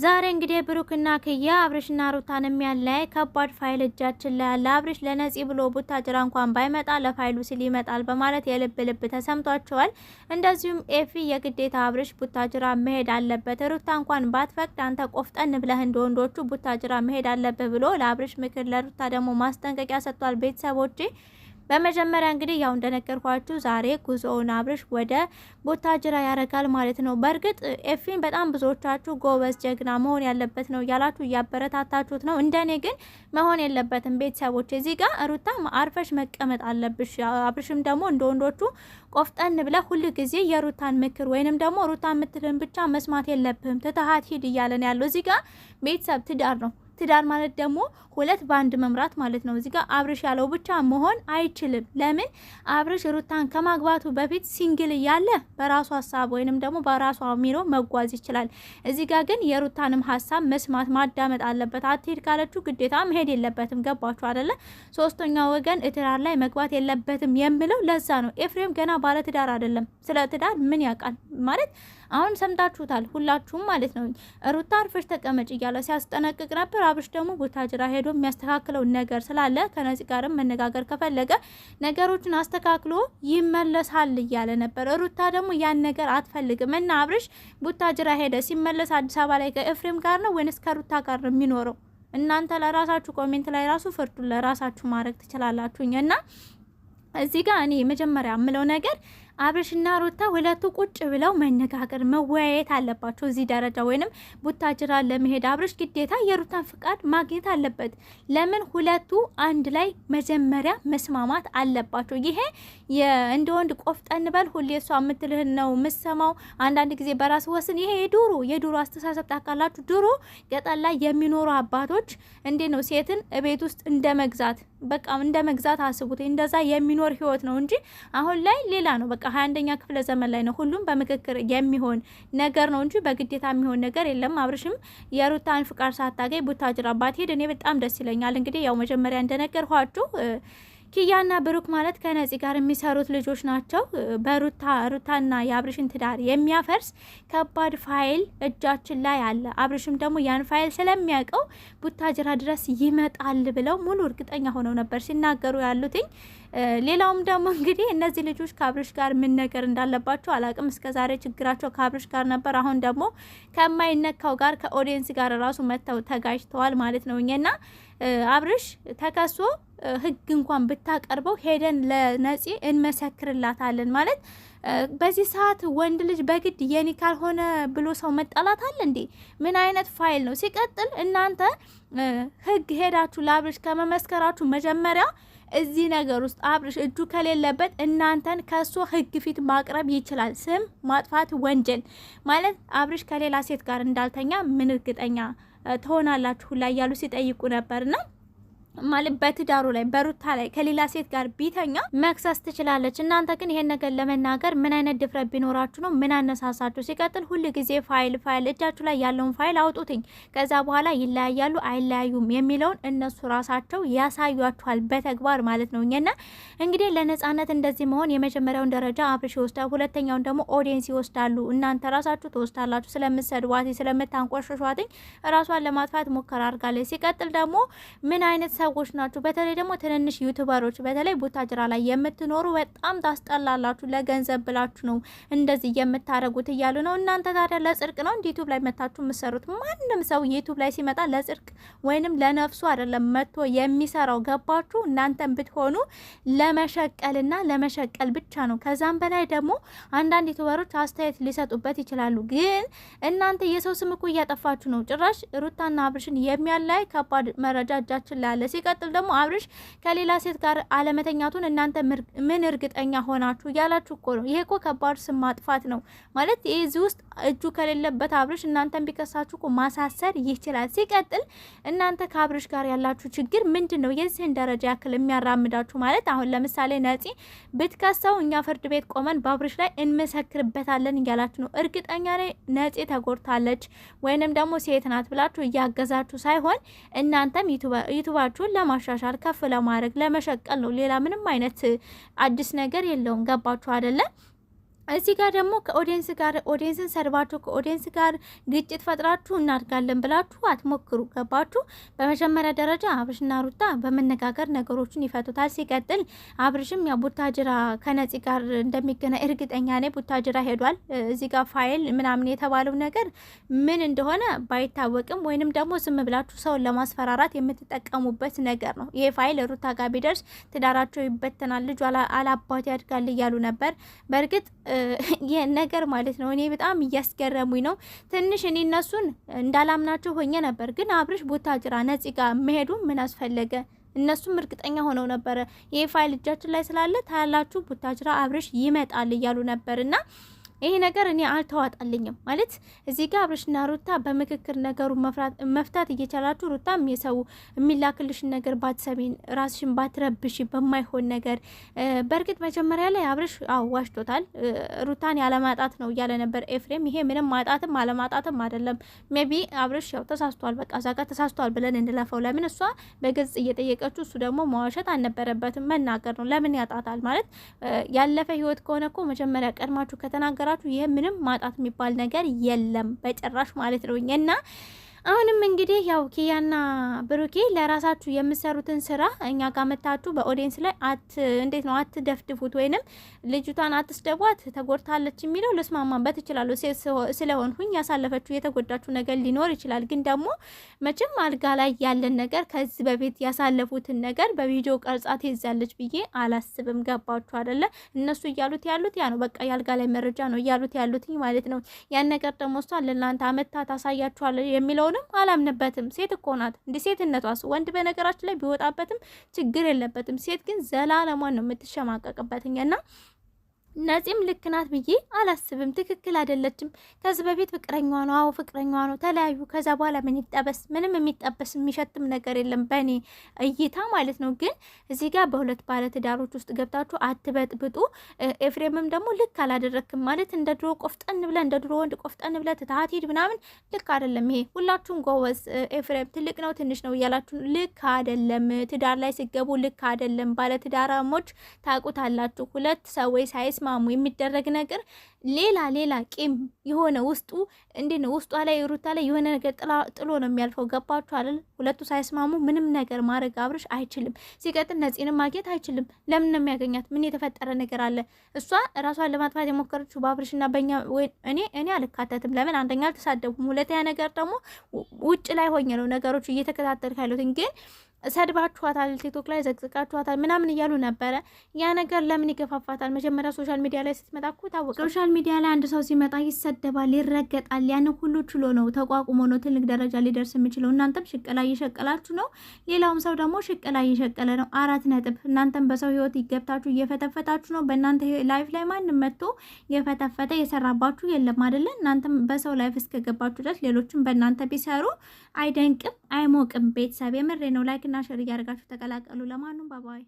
ዛሬ እንግዲህ ብሩክና ክያ አብርሽና ሩታንም ያለያይ ከባድ ፋይል እጃችን ላይ ያለ አብርሽ ለነፂ ብሎ ቡታጅራ እንኳን ባይመጣ ለፋይሉ ሲል ይመጣል በማለት የልብ ልብ ተሰምቷቸዋል። እንደዚሁም ኤፊ የግዴታ አብርሽ ቡታጅራ መሄድ አለበት፣ ሩታ እንኳን ባትፈቅድ አንተ ቆፍጠን ብለህ እንደ ወንዶቹ ቡታጅራ መሄድ አለብህ ብሎ ለአብርሽ ምክር፣ ለሩታ ደግሞ ማስጠንቀቂያ ሰጥቷል። ቤተሰቦቼ በመጀመሪያ እንግዲህ ያው እንደነገርኳችሁ ዛሬ ጉዞውን አብርሽ ወደ ቦታጅራ ያረጋል ማለት ነው። በእርግጥ ኤፊን በጣም ብዙዎቻችሁ ጎበዝ፣ ጀግና መሆን ያለበት ነው እያላችሁ እያበረታታችሁት ነው። እንደኔ ግን መሆን የለበትም። ቤተሰቦች እዚህ ጋር ሩታ አርፈሽ መቀመጥ አለብሽ። አብርሽም ደግሞ እንደ ወንዶቹ ቆፍጠን ብለ ሁል ጊዜ የሩታን ምክር ወይንም ደግሞ ሩታ የምትልን ብቻ መስማት የለብህም። ትትሀት ሂድ እያለን ያለው እዚህ ጋር ቤተሰብ ትዳር ነው ትዳር ማለት ደግሞ ሁለት በአንድ መምራት ማለት ነው። እዚህ ጋር አብርሽ ያለው ብቻ መሆን አይችልም። ለምን አብርሽ ሩታን ከማግባቱ በፊት ሲንግል እያለ በራሱ ሀሳብ ወይንም ደግሞ በራሱ ሚሮ መጓዝ ይችላል። እዚህ ጋር ግን የሩታንም ሀሳብ መስማት ማዳመጥ አለበት። አትሄድ ካለችው ግዴታ መሄድ የለበትም። ገባችሁ አደለ? ሶስተኛ ወገን ትዳር ላይ መግባት የለበትም የምለው ለዛ ነው። ኤፍሬም ገና ባለ ትዳር አይደለም። ስለ ትዳር ምን ያውቃል ማለት አሁን ሰምታችሁታል ሁላችሁም ማለት ነው። ሩታ አርፈሽ ተቀመጭ እያለ ሲያስጠነቅቅ ነበር። አብርሽ ደግሞ ቡታጅራ ሄዶ የሚያስተካክለው ነገር ስላለ ከነፂ ጋርም መነጋገር ከፈለገ ነገሮችን አስተካክሎ ይመለሳል እያለ ነበር። ሩታ ደግሞ ያን ነገር አትፈልግም እና አብርሽ ቡታጅራ ሄደ። ሲመለስ አዲስ አበባ ላይ ከኤፍሬም ጋር ነው ወይንስ ከሩታ ጋር ነው የሚኖረው? እናንተ ለራሳችሁ ኮሜንት ላይ ራሱ ፍርዱን ለራሳችሁ ማድረግ ትችላላችሁኝ እና እዚህ ጋር እኔ መጀመሪያ የምለው ነገር አብርሽና ሩታ ሁለቱ ቁጭ ብለው መነጋገር መወያየት አለባቸው። እዚህ ደረጃ ወይንም ቡታጅራ ለመሄድ አብርሽ ግዴታ የሩታን ፍቃድ ማግኘት አለበት። ለምን ሁለቱ አንድ ላይ መጀመሪያ መስማማት አለባቸው። ይሄ እንደ ወንድ ቆፍጠን በል ሁሌ እሷ የምትልህን ነው የምሰማው። አንዳንድ ጊዜ በራስ ወስን። ይሄ የዱሮ የዱሮ አስተሳሰብ ታውቃላችሁ። ድሮ ገጠር ላይ የሚኖሩ አባቶች እንዴት ነው ሴትን ቤት ውስጥ እንደ መግዛት በቃ እንደ መግዛት አስቡት። እንደዛ የሚኖር ህይወት ነው እንጂ አሁን ላይ ሌላ ነው በቃ ሀያ አንደኛ ክፍለ ዘመን ላይ ነው። ሁሉም በምክክር የሚሆን ነገር ነው እንጂ በግዴታ የሚሆን ነገር የለም። አብርሽም የሩታን ፍቃድ ሳታገኝ ቡታጅራ ባትሄድ እኔ በጣም ደስ ይለኛል። እንግዲህ ያው መጀመሪያ እንደነገርኋችሁ። ኪያና ብሩክ ማለት ከነፂ ጋር የሚሰሩት ልጆች ናቸው። በሩታ ሩታና የአብርሽን ትዳር የሚያፈርስ ከባድ ፋይል እጃችን ላይ አለ። አብርሽም ደግሞ ያን ፋይል ስለሚያውቀው ቡታጅራ ድረስ ይመጣል ብለው ሙሉ እርግጠኛ ሆነው ነበር ሲናገሩ ያሉትኝ። ሌላውም ደግሞ እንግዲህ እነዚህ ልጆች ከአብርሽ ጋር ምን ነገር እንዳለባቸው አላቅም። እስከ ዛሬ ችግራቸው ከአብርሽ ጋር ነበር። አሁን ደግሞ ከማይነካው ጋር ከኦዲየንስ ጋር ራሱ መጥተው ተጋጅተዋል ማለት ነው እና አብርሽ ተከሶ ህግ እንኳን ብታቀርበው ሄደን ለነፂ እንመሰክርላታለን ማለት በዚህ ሰዓት ወንድ ልጅ በግድ የኔ ካልሆነ ብሎ ሰው መጣላት አለ እንዴ? ምን አይነት ፋይል ነው? ሲቀጥል እናንተ ህግ ሄዳችሁ ለአብርሽ ከመመስከራችሁ መጀመሪያ እዚህ ነገር ውስጥ አብርሽ እጁ ከሌለበት እናንተን ከእሱ ህግ ፊት ማቅረብ ይችላል። ስም ማጥፋት ወንጀል ማለት አብርሽ ከሌላ ሴት ጋር እንዳልተኛ ምን እርግጠኛ ትሆናላችሁ ላይ ያሉ ሲጠይቁ ነበርና ማለት በትዳሩ ላይ በሩታ ላይ ከሌላ ሴት ጋር ቢተኛ መክሰስ ትችላለች። እናንተ ግን ይሄን ነገር ለመናገር ምን አይነት ድፍረት ቢኖራችሁ ነው? ምን አነሳሳችሁ? ሲቀጥል ሁል ጊዜ ፋይል ፋይል እጃችሁ ላይ ያለውን ፋይል አውጡትኝ። ከዛ በኋላ ይለያያሉ አይለያዩም የሚለውን እነሱ ራሳቸው ያሳያችኋል በተግባር ማለት ነው። እኛና እንግዲህ ለነጻነት እንደዚህ መሆን የመጀመሪያውን ደረጃ አብርሽ ይወስዳል፣ ሁለተኛውን ደግሞ ኦዲየንስ ይወስዳሉ። እናንተ ራሳችሁ ትወስዳላችሁ። ስለምትሰድቧት ስለምታንቆሽሿትኝ ራሷን ለማጥፋት ሙከራ አድርጋለች። ሲቀጥል ደግሞ ምን አይነት ሰዎች ናችሁ። በተለይ ደግሞ ትንንሽ ዩቱበሮች፣ በተለይ ቡታጅራ ላይ የምትኖሩ በጣም ታስጠላላችሁ። ለገንዘብ ብላችሁ ነው እንደዚህ የምታደርጉት እያሉ ነው። እናንተ ታዲያ ለጽድቅ ነው እንዲ ዩቱብ ላይ መታችሁ የምትሰሩት። ማንም ሰው ዩቱብ ላይ ሲመጣ ለጽድቅ ወይንም ለነፍሱ አይደለም መጥቶ የሚሰራው ገባችሁ። እናንተን ብትሆኑ ለመሸቀልና ለመሸቀል ብቻ ነው። ከዛም በላይ ደግሞ አንዳንድ ዩቱበሮች አስተያየት ሊሰጡበት ይችላሉ። ግን እናንተ የሰው ስም እኮ እያጠፋችሁ ነው። ጭራሽ ሩታና አብርሽን የሚያላይ ከባድ መረጃ እጃችን ላለ ሲቀጥል ደግሞ አብርሽ ከሌላ ሴት ጋር አለመተኛቱን እናንተ ምን እርግጠኛ ሆናችሁ እያላችሁ እኮ ነው። ይሄ እኮ ከባድ ስም ማጥፋት ነው ማለት የዚህ ውስጥ እጁ ከሌለበት አብርሽ እናንተን ቢከሳችሁ እኮ ማሳሰር ይችላል። ሲቀጥል እናንተ ከአብርሽ ጋር ያላችሁ ችግር ምንድን ነው? የዚህን ደረጃ ያክል የሚያራምዳችሁ ማለት አሁን ለምሳሌ ነፂ ብትከሰው እኛ ፍርድ ቤት ቆመን በአብርሽ ላይ እንመሰክርበታለን እያላችሁ ነው። እርግጠኛ ላይ ነፂ ተጎድታለች ወይንም ደግሞ ሴት ናት ብላችሁ እያገዛችሁ ሳይሆን እናንተም ዩቱባችሁ ኑሯችሁን ለማሻሻል ከፍ ለማድረግ ለመሸቀል ነው። ሌላ ምንም አይነት አዲስ ነገር የለውም። ገባችሁ አይደለም? እዚህ ጋር ደግሞ ከኦዲየንስ ጋር ኦዲየንስን ሰድባችሁ ከኦዲየንስ ጋር ግጭት ፈጥራችሁ እናድጋለን ብላችሁ አትሞክሩ። ገባችሁ? በመጀመሪያ ደረጃ አብርሽና ሩታ በመነጋገር ነገሮችን ይፈቱታል። ሲቀጥል አብርሽም ያው ቡታጅራ ከነፂ ጋር እንደሚገናኝ እርግጠኛ ነኝ። ቡታጅራ ሄዷል። እዚህ ጋር ፋይል ምናምን የተባለው ነገር ምን እንደሆነ ባይታወቅም ወይንም ደግሞ ዝም ብላችሁ ሰውን ለማስፈራራት የምትጠቀሙበት ነገር ነው። ይህ ፋይል ሩታ ጋር ቢደርስ ትዳራቸው ይበተናል፣ ልጁ አላባት ያድጋል እያሉ ነበር። በእርግጥ ነገር ማለት ነው። እኔ በጣም እያስገረሙኝ ነው። ትንሽ እኔ እነሱን እንዳላምናቸው ሆኜ ነበር፣ ግን አብርሽ ቡታጅራ ነፂ ጋር መሄዱ ምን አስፈለገ? እነሱም እርግጠኛ ሆነው ነበረ። ይህ ፋይል እጃችን ላይ ስላለ ታያላችሁ፣ ቡታጅራ አብርሽ ይመጣል እያሉ ነበር እና ይሄ ነገር እኔ አልተዋጣልኝም። ማለት እዚህ ጋር አብርሽና ሩታ በምክክር ነገሩ መፍታት እየቻላችሁ ሩታም የሰው የሚላክልሽን ነገር ባትሰሚን፣ ራስሽን ባትረብሽ በማይሆን ነገር። በእርግጥ መጀመሪያ ላይ አብርሽ አዎ ዋሽቶታል፣ ሩታን ያለማጣት ነው እያለ ነበር ኤፍሬም። ይሄ ምንም ማጣትም አለማጣትም አይደለም። ሜቢ አብርሽ ያው ተሳስቷል፣ በቃ እዛ ጋር ተሳስቷል ብለን እንለፈው። ለምን እሷ በግልጽ እየጠየቀችው እሱ ደግሞ መዋሸት አልነበረበትም፣ መናገር ነው። ለምን ያጣታል? ማለት ያለፈ ህይወት ከሆነ እኮ መጀመሪያ ቀድማችሁ ከተናገራ ከሰራችሁ ይህ ምንም ማጣት የሚባል ነገር የለም በጭራሽ ማለት ነው እና አሁንም እንግዲህ ያው ኪያና ብሩኬ ለራሳችሁ የምሰሩትን ስራ እኛ ጋር መታችሁ በኦዲየንስ ላይ አት እንዴት ነው አትደፍድፉት፣ ወይንም ልጅቷን አትስደቧት። ተጎድታለች የሚለው ልስማማበት እችላለሁ፣ ሴት ስለሆንሁኝ ያሳለፈችው የተጎዳችሁ ነገር ሊኖር ይችላል። ግን ደግሞ መቼም አልጋ ላይ ያለን ነገር ከዚህ በፊት ያሳለፉትን ነገር በቪዲዮ ቀርጻ ትይዛለች ብዬ አላስብም። ገባችሁ አይደለ? እነሱ እያሉት ያሉት ያ ነው፣ በቃ የአልጋ ላይ መረጃ ነው እያሉት ያሉትኝ ማለት ነው። ያን ነገር ደግሞ እሷ ለእናንተ አመታ ታሳያችኋለ የሚለው ቢሆንም አላምንበትም። ሴት እኮ ናት እንደ ሴትነቷስ። ወንድ በነገራችን ላይ ቢወጣበትም ችግር የለበትም። ሴት ግን ዘላለሟን ነው የምትሸማቀቅበትኝ እና ነፂም ልክ ናት ብዬ አላስብም። ትክክል አይደለችም። ከዚህ በፊት ፍቅረኛዋ ነው። አዎ ነው፣ ተለያዩ። ከዛ በኋላ ምን ይጠበስ? ምንም የሚጠበስ የሚሸትም ነገር የለም በእኔ እይታ ማለት ነው። ግን እዚህ ጋር በሁለት ባለትዳሮች ውስጥ ገብታችሁ አትበጥብጡ። ኤፍሬምም ደግሞ ልክ አላደረክም ማለት እንደ ድሮ ቆፍጠን ብለ እንደ ድሮ ወንድ ቆፍጠን ብለ ትታት ሂድ ምናምን ልክ አይደለም። ይሄ ሁላችሁም ጎበዝ፣ ኤፍሬም ትልቅ ነው ትንሽ ነው እያላችሁ ልክ አይደለም። ትዳር ላይ ሲገቡ ልክ አይደለም። ትዳራሞች ታቁታላችሁ ሁለት ሰዎች ሳይስማ ሳይስማሙ የሚደረግ ነገር ሌላ ሌላ ቂም የሆነ ውስጡ እንዴት ነው ውስጧ ላይ ሩታ ላይ የሆነ ነገር ጥሎ ነው የሚያልፈው። ገባችሁ አይደል? ሁለቱ ሳይስማሙ ምንም ነገር ማድረግ አብርሽ አይችልም። ሲቀጥል ነፂንም ማግኘት አይችልም። ለምን ነው የሚያገኛት? ምን የተፈጠረ ነገር አለ? እሷ ራሷን ለማጥፋት የሞከረችው በአብርሽና በእኛ እኔ እኔ አልካተትም። ለምን አንደኛ አልተሳደቡም፣ ሁለተኛ ነገር ደግሞ ውጭ ላይ ሆኜ ነው ነገሮቹ እየተከታተል ካሉት ግን ሰድባችኋታል፣ ቲክቶክ ላይ ዘቅዝቃችኋታል ምናምን እያሉ ነበረ። ያ ነገር ለምን ይገፋፋታል? መጀመሪያ ሶሻል ሚዲያ ላይ ስትመጣ እኮ ታወቀ። ሶሻል ሚዲያ ላይ አንድ ሰው ሲመጣ ይሰደባል፣ ይረገጣል። ያን ሁሉ ችሎ ነው ተቋቁሞ ነው ትልቅ ደረጃ ሊደርስ የሚችለው። እናንተም ሽቅላ እየሸቀላችሁ ነው፣ ሌላውም ሰው ደግሞ ሽቅላ እየሸቀለ ነው። አራት ነጥብ። እናንተም በሰው ህይወት ይገብታችሁ እየፈተፈታችሁ ነው። በእናንተ ላይፍ ላይ ማንም መጥቶ የፈተፈተ የሰራባችሁ የለም አይደለ? እናንተም በሰው ላይፍ እስከገባችሁ ድረስ ሌሎችም በእናንተ ቢሰሩ አይደንቅም። አይሞቅም። ቤተሰብ የምሬ ነው። ላይክ እና ሸር እያደርጋችሁ ተቀላቀሉ። ለማንም ባባይ